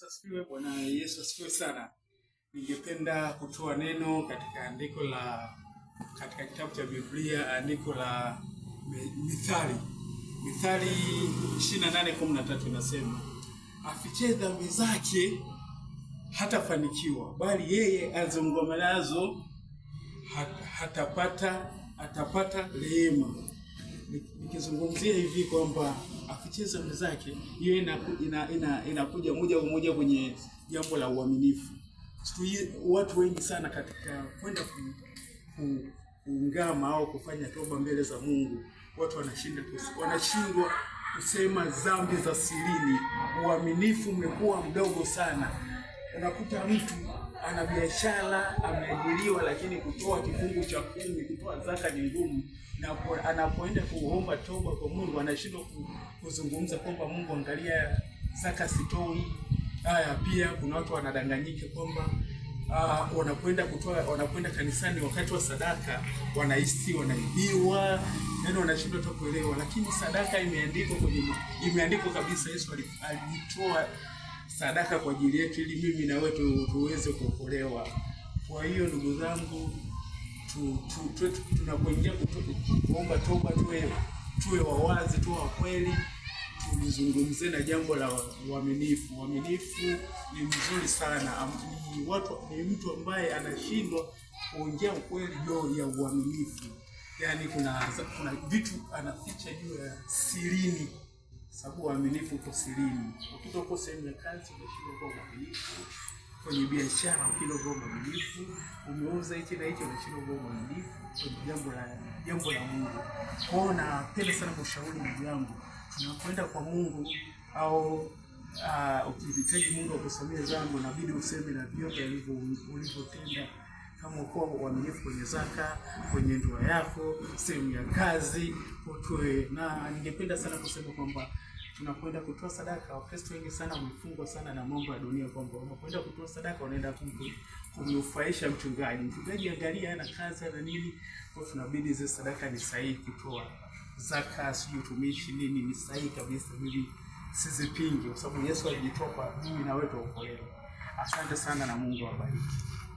Yesu asifiwe. Bwana Yesu asifiwe sana. Ningependa kutoa neno katika andiko la katika kitabu cha Biblia andiko la Mithali. Mithali 28:13 inasema, afiche dhambi zake hatafanikiwa, bali yeye azungumalazo hatapata atapata rehema nikizungumzia hivi kwamba akicheza zake hiyo inakuja ina, ina, ina moja kwa moja kwenye jambo la uaminifu. Siku watu wengi sana katika kwenda kuungama au kufanya toba mbele za Mungu, watu wanashinda wanashindwa kusema zambi za silini. Uaminifu umekuwa mdogo sana, unakuta mtu ana biashara ameajiriwa, lakini kutoa kifungu cha kumi, kutoa zaka ni ngumu, na anapoenda kuomba toba kwa Mungu anashindwa kuzungumza kwamba Mungu, angalia, zaka sitoi. Haya, pia kuna watu wanadanganyika kwamba Uh, wanakwenda kutoa wanakwenda kanisani wakati wa sadaka, wanahisi wanaibiwa, yani wanashindwa hata kuelewa, lakini sadaka imeandikwa kwenye imeandikwa kabisa. Yesu alitoa sadaka kwa ajili yetu, ili mimi na wewe tuweze kuokolewa. Kwa hiyo ndugu zangu, tunapoingia kuomba toba, tuwe tuwe wawazi, tuwe wakweli, tuzungumze na jambo la uaminifu. Uaminifu ni mzuri sana, ni watu, ni mtu ambaye anashindwa kuongea ukweli juu ya uaminifu, yaani kuna kuna vitu anaficha juu ya sirini sababu uaminifu uko Ukitoka uko sehemu ya kazi, umeshindwa kuwa mwaminifu kwenye biashara, ukilo kuwa mwaminifu, umeuza hichi na hichi, unashindwa kuwa mwaminifu kwenye jambo la jambo la Mungu. Kwa hiyo napenda sana kushauri ndugu yangu, tunakwenda kwa Mungu au ah, ukihitaji Mungu akusamee dhambi, inabidi useme na vyote ulivyotenda kama uko uaminifu kwenye zaka, kwenye ndoa yako, sehemu ya kazi utoe. Na ningependa sana kusema kwamba tunakwenda kutoa sadaka. Wakristo wengi sana wamefungwa sana na mambo ya dunia, kwamba unapoenda kutoa sadaka unaenda kumnufaisha mchungaji. Mchungaji angalia ana kazi ana nini, kwa tunabidi zile sadaka ni sahihi kutoa zaka, sijui utumishi nini, ni sahihi kabisa, ili sizipinge, kwa sababu Yesu alijitoa kwa mimi na wewe tuokolewe. Asante sana na Mungu awabariki.